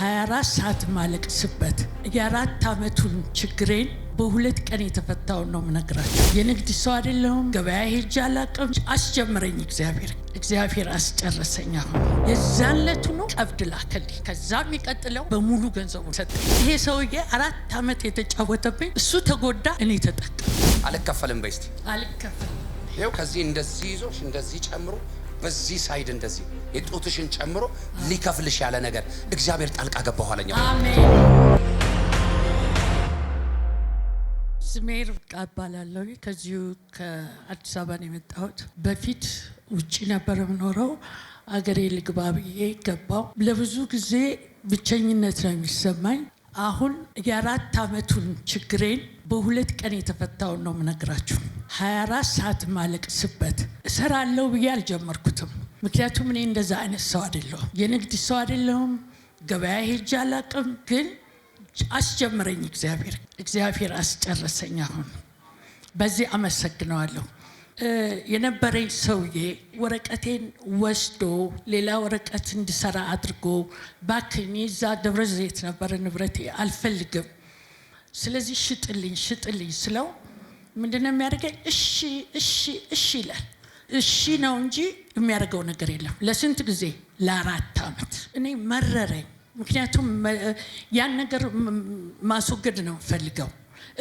24 ሰዓት ማለቅስበት የአራት ዓመቱን ችግሬን በሁለት ቀን የተፈታውን ነው ምነግራቸው። የንግድ ሰው አይደለሁም። ገበያ ሄጄ አላቅም አስጀምረኝ እግዚአብሔር እግዚአብሔር አስጨረሰኝ። አሁን የዛን ዕለት ቀብድ ላከልኝ። ከዛ የሚቀጥለው በሙሉ ገንዘቡ ሰጠ። ይሄ ሰውዬ አራት ዓመት የተጫወተብኝ እሱ ተጎዳ፣ እኔ ተጠቀም። አልከፈልም በስቲ አልከፈልም። ይኸው ከዚህ እንደዚህ ይዞ እንደዚህ ጨምሮ በዚህ ሳይድ እንደዚህ የጦትሽን ጨምሮ ሊከፍልሽ ያለ ነገር እግዚአብሔር ጣልቃ ገባሁ አለኝ። ስሜ ርብቃ እባላለሁ። ከዚሁ ከአዲስ አበባ ነው የመጣሁት። በፊት ውጭ ነበር የምኖረው። አገሬ ልግባ ብዬ ለብዙ ጊዜ ብቸኝነት ነው የሚሰማኝ። አሁን የአራት አመቱን ችግሬን በሁለት ቀን የተፈታውን ነው የምነግራችሁ። 24 ሰዓት ማለቅስበት እሰራለሁ ብዬ አልጀመርኩትም። ምክንያቱም እኔ እንደዛ አይነት ሰው አይደለሁም፣ የንግድ ሰው አይደለሁም። ገበያ ሄጄ አላቅም፣ ግን አስጀምረኝ እግዚአብሔር አስጨረሰኝ። አሁን በዚህ አመሰግነዋለሁ። የነበረኝ ሰውዬ ወረቀቴን ወስዶ ሌላ ወረቀት እንድሰራ አድርጎ ባክኝ፣ እዛ ደብረ ዘይት ነበረ ንብረቴ፣ አልፈልግም፣ ስለዚህ ሽጥልኝ ሽጥልኝ ስለው ምንድነው የሚያደርገኝ? እሺ እሺ እሺ ይላል። እሺ ነው እንጂ የሚያደርገው ነገር የለም። ለስንት ጊዜ? ለአራት ዓመት እኔ መረረኝ። ምክንያቱም ያን ነገር ማስወገድ ነው የምፈልገው።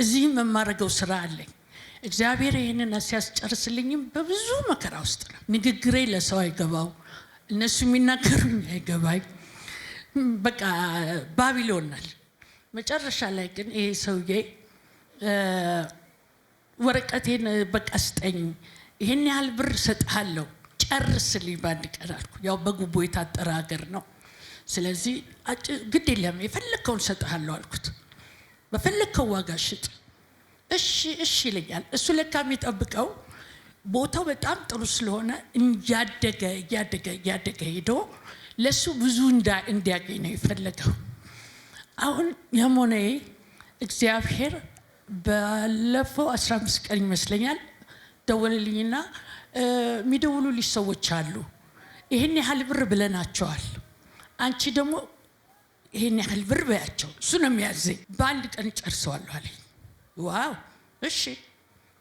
እዚህም የማደርገው ስራ አለኝ። እግዚአብሔር ይህንን ሲያስጨርስልኝም በብዙ መከራ ውስጥ ነው። ንግግሬ ለሰው አይገባው፣ እነሱ የሚናገሩኝ አይገባኝ። በቃ ባቢሎናል። መጨረሻ ላይ ግን ይሄ ሰውዬ ወረቀቴን በቃ ስጠኝ፣ ይህን ያህል ብር እሰጥሃለሁ፣ ጨርስልኝ በአንድ ቀን አልኩ። ያው በጉቦ የታጠረ ሀገር ነው። ስለዚህ ግድ የለም የፈለግከውን እሰጥሃለሁ አልኩት። በፈለግከው ዋጋ ሽጥ። እሺ እሺ ይለኛል። እሱ ለካ የሚጠብቀው ቦታው በጣም ጥሩ ስለሆነ እያደገ እያደገ እያደገ ሄዶ ለእሱ ብዙ እንዲያገኝ ነው የፈለገው። አሁን የሞነ እግዚአብሔር ባለፈው 15 ቀን ይመስለኛል ደወልልኝና የሚደውሉልሽ ሰዎች አሉ ይህን ያህል ብር ብለናቸዋል። አንቺ ደግሞ ይህን ያህል ብር በያቸው፣ እሱ ነው የሚያዘኝ። በአንድ ቀን ጨርሰዋለሁ አለኝ። ዋው እሺ፣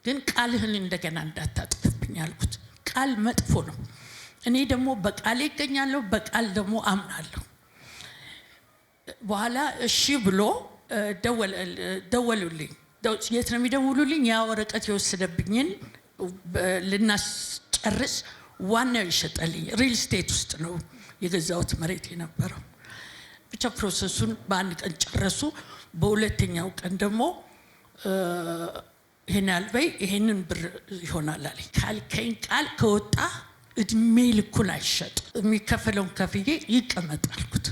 ግን ቃልህን እንደገና እንዳታጥፍብኝ አልኩት። ቃል መጥፎ ነው። እኔ ደግሞ በቃል ይገኛለሁ፣ በቃል ደግሞ አምናለሁ። በኋላ እሺ ብሎ ደወሉልኝ። የት ነው የሚደውሉልኝ? ያ ወረቀት የወሰደብኝን ልናስጨርስ ዋናው ይሸጠልኝ ሪል ስቴት ውስጥ ነው የገዛሁት መሬት የነበረው። ብቻ ፕሮሰሱን በአንድ ቀን ጨረሱ። በሁለተኛው ቀን ደግሞ ይህን ያልበይ ይሄንን ብር ይሆናል አለኝ። ካልከኝ ቃል ከወጣ እድሜ ልኩን አይሸጥ የሚከፈለውን ከፍዬ ይቀመጥ አልኩት።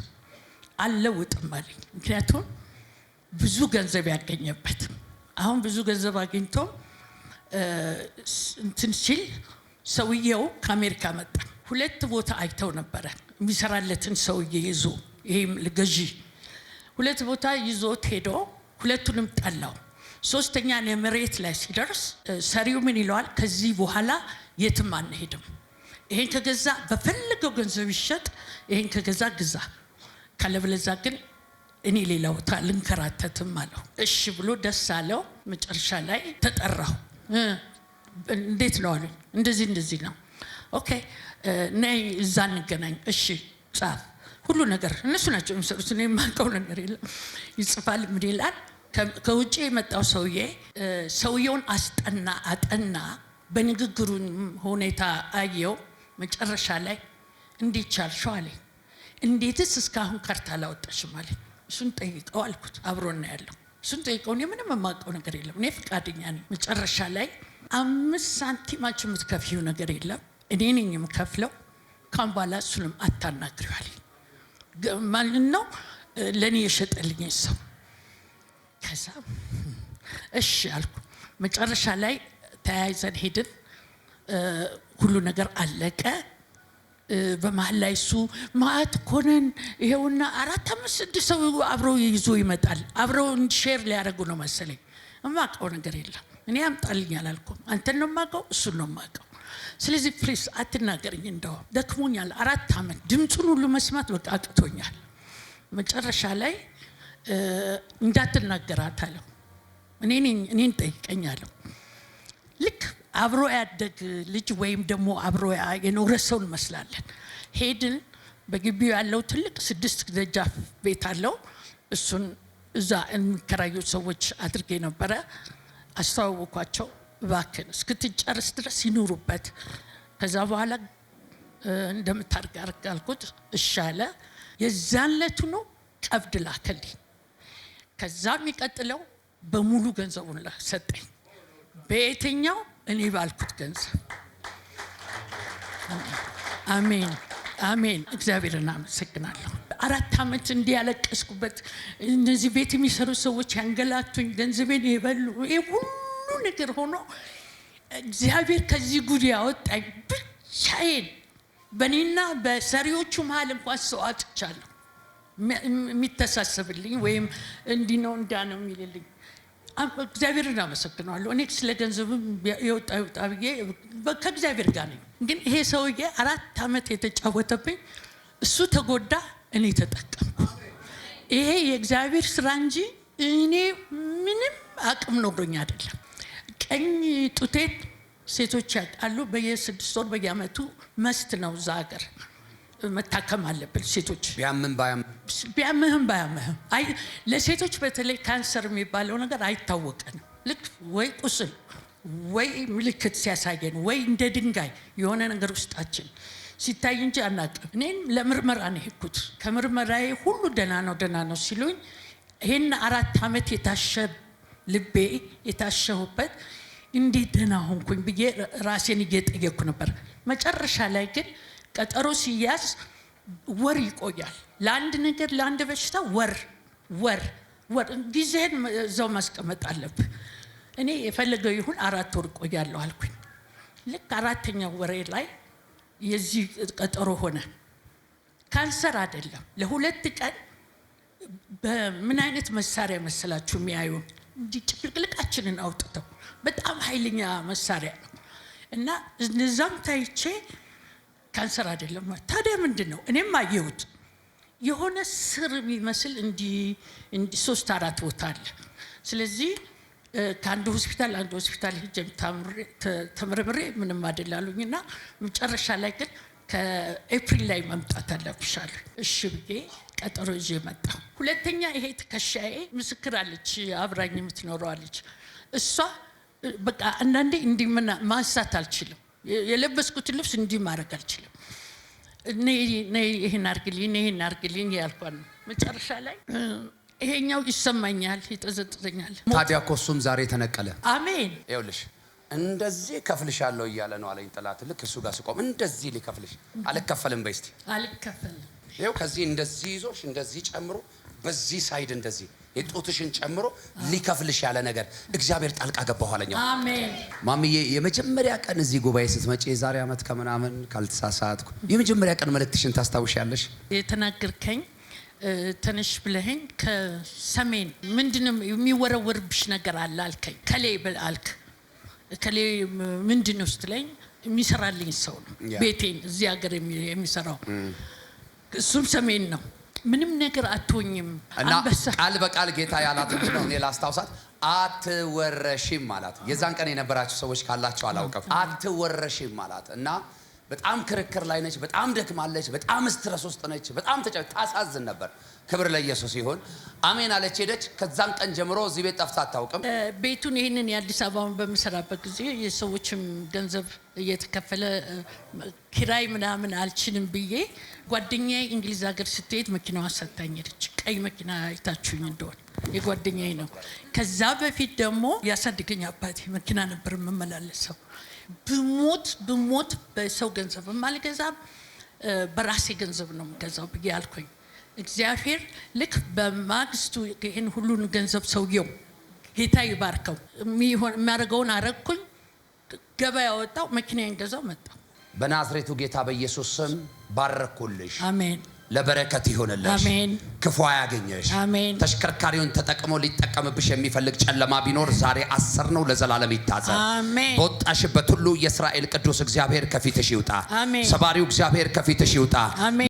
አልለውጥም አለኝ። ምክንያቱም ብዙ ገንዘብ ያገኘበት አሁን ብዙ ገንዘብ አግኝቶ እንትን ሲል ሰውየው ከአሜሪካ መጣ። ሁለት ቦታ አይተው ነበረ የሚሰራለትን ሰውዬ ይዞ ይህም ገዢ ሁለት ቦታ ይዞት ሄዶ ሁለቱንም ጠላው። ሶስተኛ መሬት ላይ ሲደርስ ሰሪው ምን ይለዋል? ከዚህ በኋላ የትም አንሄድም። ይሄን ከገዛ በፈለገው ገንዘብ ይሸጥ፣ ይሄን ከገዛ ግዛ፣ ካለበለዛ ግን እኔ ሌላ ቦታ ልንከራተትም አለው። እሺ ብሎ ደስ አለው። መጨረሻ ላይ ተጠራሁ። እንዴት ነው አሉኝ። እንደዚህ እንደዚህ ነው። ኦኬ ነይ እዛ እንገናኝ። እሺ ጻፍ። ሁሉ ነገር እነሱ ናቸው የሚሰሩት። እኔ የማውቀው ነገር የለም። ይጽፋል። ምን ይላል? ከውጭ የመጣው ሰውዬ ሰውየውን አስጠና አጠና። በንግግሩ ሁኔታ አየው። መጨረሻ ላይ እንዴት ቻልሽው አለኝ። እንዴትስ እስካሁን ካርታ አላወጣሽም አለኝ። እሱን ጠይቀው አልኩት። አብሮና ያለው እሱን ጠይቀው። እኔ ምንም የማውቀው ነገር የለም። እኔ ፈቃደኛ ነኝ። መጨረሻ ላይ አምስት ሳንቲማች የምትከፍዩ ነገር የለም እኔ ነኝ የምከፍለው። ካሁን በኋላ እሱንም አታናግሪዋል። ማን ነው ለእኔ የሸጠልኝ ሰው? ከዛ እሺ አልኩ። መጨረሻ ላይ ተያይዘን ሄድን። ሁሉ ነገር አለቀ። በመሀል ላይ እሱ ማአት ኮነን ይሄውና አራት አምስት ስድስት ሰው አብረው ይዞ ይመጣል። አብረው እንዲሼር ሊያደርጉ ነው መሰለኝ። እማቀው ነገር የለም እኔ አምጣልኝ አልኩም። አንተን ነው ማቀው፣ እሱን ነው ማቀው። ስለዚህ ፕሊስ አትናገርኝ፣ እንደው ደክሞኛል። አራት ዓመት ድምፁን ሁሉ መስማት በቃ አቅቶኛል። መጨረሻ ላይ እንዳትናገራት አለው። እኔን ጠይቀኛለሁ ልክ አብሮ ያደግ ልጅ ወይም ደግሞ አብሮ የኖረ ሰው እንመስላለን። ሄድን። በግቢው ያለው ትልቅ ስድስት ደጃፍ ቤት አለው። እሱን እዛ የሚከራዩ ሰዎች አድርጌ ነበረ። አስተዋወኳቸው። እባክን እስክትጨርስ ድረስ ይኑሩበት፣ ከዛ በኋላ እንደምታርግ አልኩት። እሺ አለ። የዛን ዕለቱ ነው ቀብድ ላከልኝ። ከዛ የሚቀጥለው በሙሉ ገንዘቡን ሰጠኝ። በየትኛው እኔ ባልኩት ገንዘብ። አሜን አሜን። እግዚአብሔርን አመሰግናለሁ። አራት ዓመት እንዲያለቀስኩበት እነዚህ ቤት የሚሰሩ ሰዎች ያንገላቱኝ፣ ገንዘቤን የበሉ ይህ ሁሉ ነገር ሆኖ እግዚአብሔር ከዚህ ጉድ ያወጣኝ ብቻዬን በእኔና በሰሪዎቹ መሀል እንኳን ሰው አጥቻለሁ። የሚተሳሰብልኝ ወይም እንዲህ ነው እንዳ ነው የሚልልኝ እግዚአብሔር እናመሰግነዋለሁ። እኔ ስለ ገንዘብም የወጣ ይወጣ ብዬ ከእግዚአብሔር ጋር ነኝ። ግን ይሄ ሰውዬ አራት ዓመት የተጫወተብኝ እሱ ተጎዳ፣ እኔ ተጠቀምኩ። ይሄ የእግዚአብሔር ስራ እንጂ እኔ ምንም አቅም ኖሮኝ አይደለም። ቀኝ ጡቴን ሴቶች ያውቃሉ። በየስድስት ወር በየዓመቱ መስት ነው እዛ ሀገር መታከም አለብን። ሴቶች ቢያምህም ባያምህም ለሴቶች በተለይ ካንሰር የሚባለው ነገር አይታወቀንም። ልክ ወይ ቁስል ወይ ምልክት ሲያሳየን ወይ እንደ ድንጋይ የሆነ ነገር ውስጣችን ሲታይ እንጂ አናውቅም። እኔም ለምርመራ ነው የሄድኩት። ከምርመራዬ ሁሉ ደህና ነው ደህና ነው ሲሉኝ ይህን አራት ዓመት የታሸ ልቤ የታሸሁበት እንዴት ደህና ሆንኩኝ ብዬ ራሴን እየጠየኩ ነበር። መጨረሻ ላይ ግን ቀጠሮ ሲያዝ ወር ይቆያል። ለአንድ ነገር ለአንድ በሽታ ወር ወር ወር ጊዜህን እዛው ማስቀመጥ አለብህ። እኔ የፈለገው ይሁን አራት ወር ቆያለሁ አልኩኝ። ልክ አራተኛው ወሬ ላይ የዚህ ቀጠሮ ሆነ። ካንሰር አይደለም። ለሁለት ቀን በምን አይነት መሳሪያ መሰላችሁ የሚያዩ ጭቅልቅልቃችንን አውጥተው በጣም ኃይለኛ መሳሪያ ነው እና እነዛም ታይቼ ካንሰር አይደለም። ታዲያ ምንድን ነው? እኔም አየሁት። የሆነ ስር የሚመስል እንዲህ ሶስት አራት ቦታ አለ። ስለዚህ ከአንድ ሆስፒታል አንድ ሆስፒታል ሄጄ ተመርምሬ ምንም አይደላሉኝ እና መጨረሻ ላይ ግን ከኤፕሪል ላይ መምጣት አለብሻል። እሺ ብዬ ቀጠሮ ይዤ መጣ። ሁለተኛ ይሄ ትከሻዬ ምስክር አለች፣ አብራኝ የምትኖረዋለች እሷ በቃ አንዳንዴ እንዲህ ማንሳት አልችልም የለበስኩትን ልብስ እንዲህ ማድረግ አልችልም። ይህን አርግልኝ፣ ይህን አርግልኝ ያልኳን ነው። መጨረሻ ላይ ይሄኛው ይሰማኛል፣ ይጠዘጥዘኛል። ታዲያ ኮሱም ዛሬ ተነቀለ። አሜን። ይኸውልሽ እንደዚህ ከፍልሻለሁ እያለ ነው አለኝ ጠላት። ልክ እሱ ጋር ስቆም እንደዚህ ሊከፍልሽ አልከፈልም በይስቲ አልከፈልም። ይኸው ከዚህ እንደዚህ ይዞሽ እንደዚህ ጨምሮ በዚህ ሳይድ እንደዚህ የጦትሽን ጨምሮ ሊከፍልሽ ያለ ነገር እግዚአብሔር ጣልቃ ገባ አለኝ። አሜን። የመጀመሪያ ቀን እዚህ ጉባኤ ስትመጪ የዛሬ ዓመት ከምናምን ካልተሳሳትኩ የመጀመሪያ ቀን መልእክትሽን ታስታውሻለሽ? የተናገርከኝ ትንሽ ብለኸኝ ከሰሜን ምንድንም የሚወረወርብሽ ነገር አለ አልከኝ። ከሌ አልክ ከሌ ምንድነው ስትለኝ የሚሰራልኝ ሰው ነው ቤቴን እዚህ ሀገር የሚሰራው እሱም ሰሜን ነው ምንም ነገር አትሆኝም። እና ቃል በቃል ጌታ ያላት ነው። እኔ ላስታውሳት አትወረሽም አላት። የዛን ቀን የነበራቸው ሰዎች ካላቸው አላውቅም። አትወረሽም አላት እና በጣም ክርክር ላይ ነች። በጣም ደክማለች። በጣም ስትረስ ውስጥ ነች። በጣም ተጨ ታሳዝን ነበር። ክብር ለኢየሱስ ይሁን። አሜን አለች፣ ሄደች። ከዛም ቀን ጀምሮ እዚህ ቤት ጠፍታ አታውቅም። ቤቱን ይህንን የአዲስ አበባውን በምሰራበት ጊዜ የሰዎችም ገንዘብ እየተከፈለ ኪራይ ምናምን አልችልም ብዬ ጓደኛ እንግሊዝ ሀገር ስትሄድ መኪናዋ ሰታኝ ሄደች። ቀይ መኪና አይታችሁኝ እንደሆነ የጓደኛዬ ነው። ከዛ በፊት ደግሞ ያሳድገኝ አባቴ መኪና ነበር የምመላለሰው ብሞት ብሞት በሰው ገንዘብም አልገዛም በራሴ ገንዘብ ነው የምገዛው ብዬ አልኩኝ። እግዚአብሔር ልክ በማግስቱ ይህን ሁሉን ገንዘብ ሰውየው ጌታ ይባርከው የሚያደርገውን አረግኩኝ። ገበያ ወጣው፣ መኪናዬን ገዛው፣ መጣው። በናዝሬቱ ጌታ በኢየሱስ ስም ባረኩልሽ። አሜን። ለበረከት ይሆንልሽ። ክፉ አያገኘሽ። ተሽከርካሪውን ተጠቅሞ ሊጠቀምብሽ የሚፈልግ ጨለማ ቢኖር ዛሬ አስር ነው፣ ለዘላለም ይታዘዝ። በወጣሽበት ሁሉ የእስራኤል ቅዱስ እግዚአብሔር ከፊትሽ ይውጣ። ሰባሪው እግዚአብሔር ከፊትሽ ይውጣ።